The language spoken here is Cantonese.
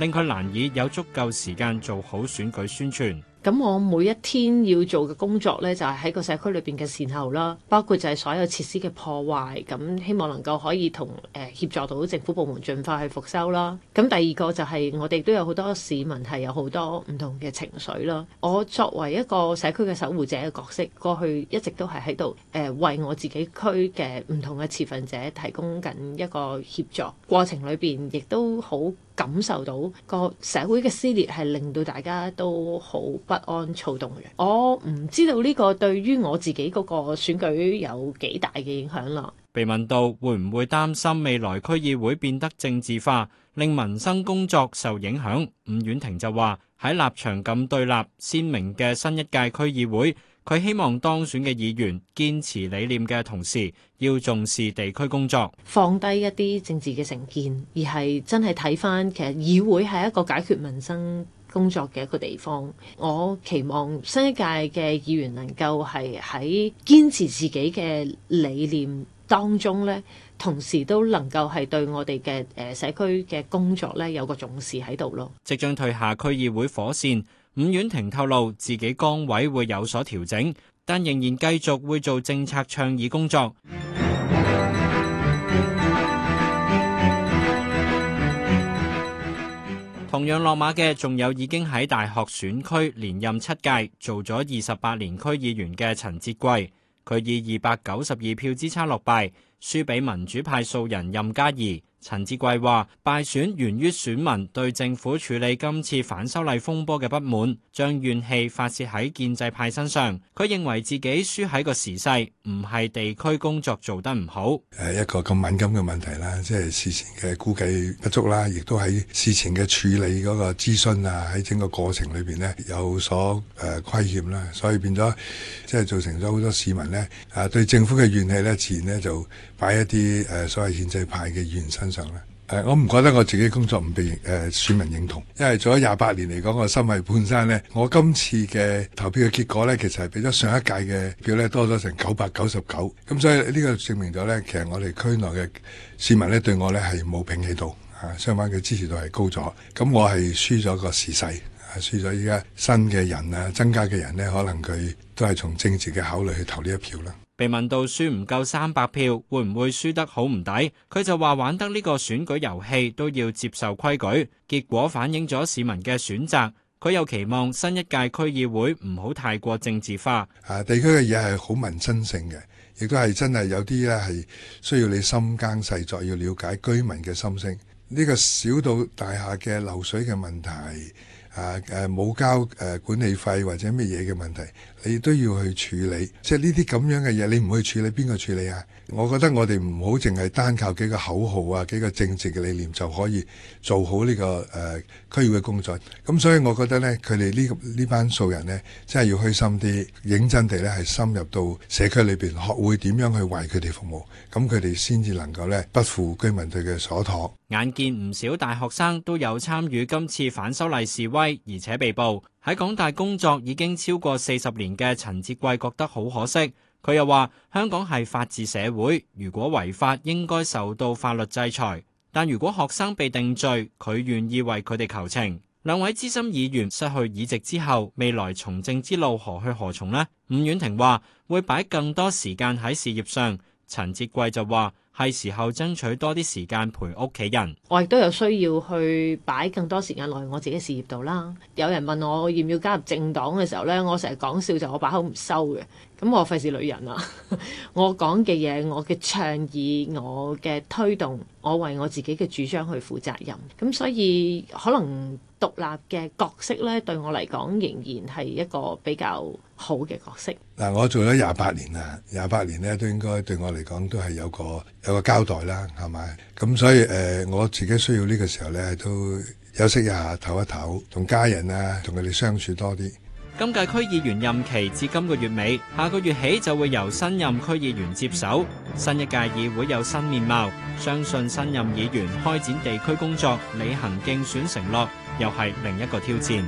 令佢難以有足夠時間做好選舉宣傳。咁我每一天要做嘅工作咧，就係喺個社區裏邊嘅善後啦，包括就係所有設施嘅破壞，咁希望能夠可以同誒、呃、協助到政府部門盡快去復修啦。咁第二個就係我哋都有好多市民係有好多唔同嘅情緒啦，我作為一個社區嘅守護者嘅角色，過去一直都係喺度誒為我自己區嘅唔同嘅持份者提供緊一個協助。過程裏邊亦都好。感受到個社會嘅撕裂係令到大家都好不安躁動嘅。我唔知道呢個對於我自己嗰個選舉有幾大嘅影響啦。被問到會唔會擔心未來區議會變得政治化，令民生工作受影響，伍婉婷就話：喺立場咁對立、鮮明嘅新一屆區議會，佢希望當選嘅議員堅持理念嘅同時要重視地區工作，放低一啲政治嘅成見，而係真係睇翻其實議會係一個解決民生工作嘅一個地方。我期望新一屆嘅議員能夠係喺堅持自己嘅理念。當中呢，同時都能夠係對我哋嘅誒社區嘅工作呢有個重視喺度咯。即將退下區議會火線，伍婉婷透露自己崗位會有所調整，但仍然繼續會做政策倡議工作。同樣落馬嘅仲有已經喺大學選區連任七屆，做咗二十八年區議員嘅陳捷貴。佢以二百九十二票之差落敗，輸俾民主派素人任嘉兒。陳捷貴話：敗選源於選民對政府處理今次反修例風波嘅不滿，將怨氣發洩喺建制派身上。佢認為自己輸喺個時勢，唔係地區工作做得唔好。誒，一個咁敏感嘅問題啦，即係事前嘅估計不足啦，亦都喺事前嘅處理嗰個諮詢啊，喺整個過程裏邊呢，有所誒虧欠啦，所以變咗即係造成咗好多市民呢啊對政府嘅怨氣呢，自然呢就擺一啲誒所謂建制派嘅怨恨。上咧，誒，我唔覺得我自己工作唔被誒選民認同，因為做咗廿八年嚟講，我身為半山呢，我今次嘅投票嘅結果呢，其實係比咗上一屆嘅票呢，多咗成九百九十九。咁所以呢個證明咗呢，其實我哋區內嘅市民呢，對我呢係冇平喺度，啊，相反嘅支持度係高咗。咁我係輸咗個時勢，輸咗依家新嘅人啊，增加嘅人呢，可能佢都係從政治嘅考慮去投呢一票啦。被問到輸唔夠三百票會唔會輸得好唔抵，佢就話玩得呢個選舉遊戲都要接受規矩，結果反映咗市民嘅選擇。佢又期望新一屆區議會唔好太過政治化。啊，地區嘅嘢係好民生性嘅，亦都係真係有啲咧係需要你深耕細作，要了解居民嘅心聲。呢、這個小到大廈嘅漏水嘅問題。啊誒冇、啊、交誒管理費或者咩嘢嘅問題，你都要去處理。即係呢啲咁樣嘅嘢，你唔去處理，邊個處理啊？我覺得我哋唔好淨係單靠幾個口號啊、幾個政治嘅理念就可以做好呢、這個誒、啊、區議會嘅工作。咁所以我覺得呢，佢哋呢呢班素人呢，真係要虛心啲，認真地咧係深入到社區裏邊，學會點樣去為佢哋服務，咁佢哋先至能夠呢，不負居民對佢嘅所託。眼見唔少大學生都有參與今次反修例示威。而且被捕，喺港大工作已經超過四十年嘅陳捷貴覺得好可惜。佢又話香港係法治社會，如果違法應該受到法律制裁。但如果學生被定罪，佢願意為佢哋求情。兩位資深議員失去議席之後，未來從政之路何去何從呢？伍婉婷話會擺更多時間喺事業上，陳捷貴就話。係時候爭取多啲時間陪屋企人，我亦都有需要去擺更多時間落我自己事業度啦。有人問我要唔要加入政黨嘅時候咧，我成日講笑就我把口唔收嘅，咁我費事女人啦，啊。 我講嘅嘢，我嘅倡議，我嘅推動，我為我自己嘅主張去負責任，咁所以可能獨立嘅角色咧，對我嚟講仍然係一個比較好嘅角色。嗱、啊，我做咗廿八年啦，廿八年咧都應該對我嚟講都係有個有個交代啦，係咪？咁所以誒、呃，我自己需要呢個時候咧，都休息一下，唞一唞，同家人啊，同佢哋相處多啲。今屆區議員任期至今個月尾，下個月起就會由新任區議員接手。新一屆議會有新面貌，相信新任議員開展地區工作、履行競選承諾，又係另一個挑戰。